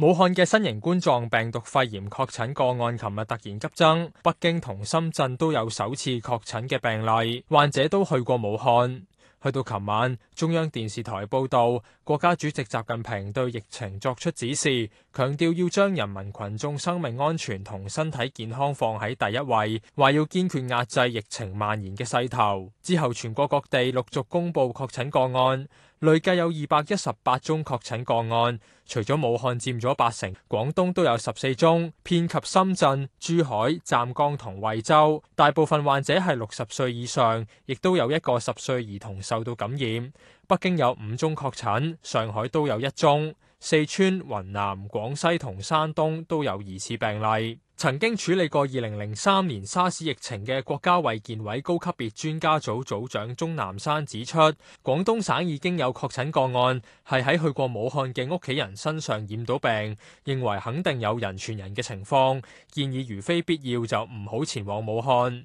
武漢嘅新型冠狀病毒肺炎確診個案，琴日突然急增，北京同深圳都有首次確診嘅病例，患者都去過武漢。去到琴晚，中央電視台報道。國家主席習近平對疫情作出指示，強調要將人民群眾生命安全同身體健康放喺第一位，話要堅決遏制疫情蔓延嘅勢頭。之後，全國各地陸續公布確診個案，累計有二百一十八宗確診個案，除咗武漢佔咗八成，廣東都有十四宗，遍及深圳、珠海、湛江同惠州。大部分患者係六十歲以上，亦都有一個十歲兒童受到感染。北京有五宗確診，上海都有一宗，四川、雲南、廣西同山東都有疑似病例。曾經處理過二零零三年沙士疫情嘅國家衛健委高級別專家組組長鍾南山指出，廣東省已經有確診個案，係喺去過武漢嘅屋企人身上染到病，認為肯定有人傳人嘅情況，建議如非必要就唔好前往武漢。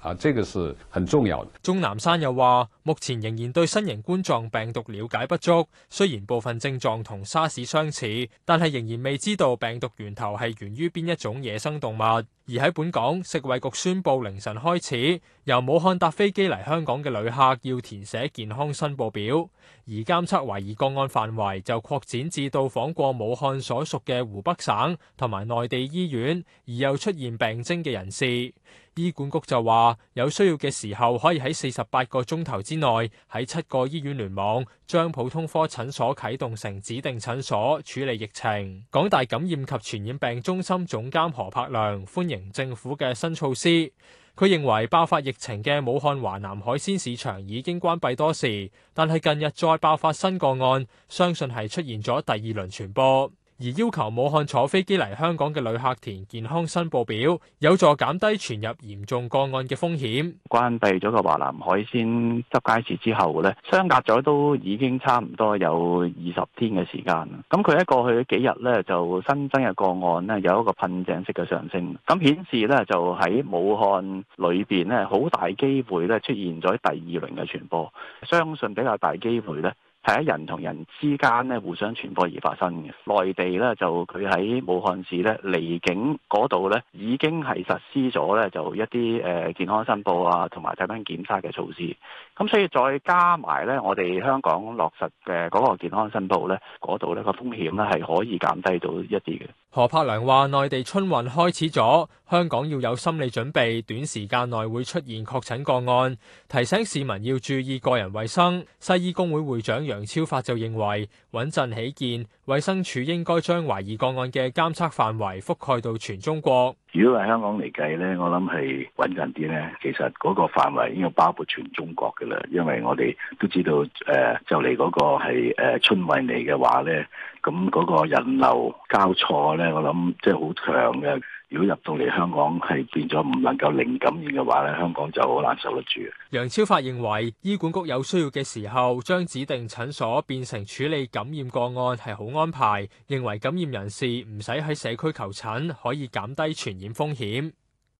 啊，這個是很重要的。鍾南山又話，目前仍然對新型冠狀病毒了解不足，雖然部分症狀同沙士相似，但係仍然未知道病毒源頭係源於邊一種野生動物。而喺本港，食衛局宣佈凌晨開始，由武漢搭飛機嚟香港嘅旅客要填寫健康申報表，而監測懷疑個案範圍就擴展至到訪過武漢所屬嘅湖北省同埋內地醫院，而又出現病徵嘅人士。醫管局就話，有需要嘅時候可以喺四十八個鐘頭之內喺七個醫院聯網，將普通科診所啟動成指定診所處理疫情。港大感染及傳染病中心總監何柏良歡迎。政府嘅新措施，佢認為爆發疫情嘅武漢華南海鮮市場已經關閉多時，但係近日再爆發新個案，相信係出現咗第二輪傳播。而要求武漢坐飛機嚟香港嘅旅客填健康申報表，有助減低傳入嚴重個案嘅風險。關閉咗個華南海鮮濕街市之後咧，相隔咗都已經差唔多有二十天嘅時間。咁佢喺過去幾日咧就新增嘅個案咧有一個噴井式嘅上升，咁顯示咧就喺武漢裏邊咧好大機會咧出現咗第二輪嘅傳播，相信比較大機會咧，係喺人同人之間咧互相傳播而發生嘅。內地咧就佢喺武漢市咧離境嗰度咧已經係實施咗咧就一啲誒健康申報啊同埋體溫檢測嘅措施。咁所以再加埋咧，我哋香港落實嘅嗰個健康申報咧，嗰度咧個風險咧係可以減低到一啲嘅。何柏良話，內地春運開始咗，香港要有心理準備，短時間內會出現確診個案，提醒市民要注意個人衛生。西醫工會會長楊超發就認為，穩陣起見，衛生署應該將懷疑個案嘅監測範圍覆蓋到全中國。如果係香港嚟計咧，我諗係穩陣啲咧。其實嗰個範圍應該包括全中國嘅啦，因為我哋都知道誒、呃、就嚟嗰個係、呃、春運嚟嘅話咧，咁嗰個人流交錯咧，我諗即係好強嘅。如果入到嚟香港係變咗唔能夠零感染嘅話，咧，香港就好難受得住。楊超發認為，醫管局有需要嘅時候，將指定診所變成處理感染個案係好安排，認為感染人士唔使喺社區求診，可以減低傳染風險。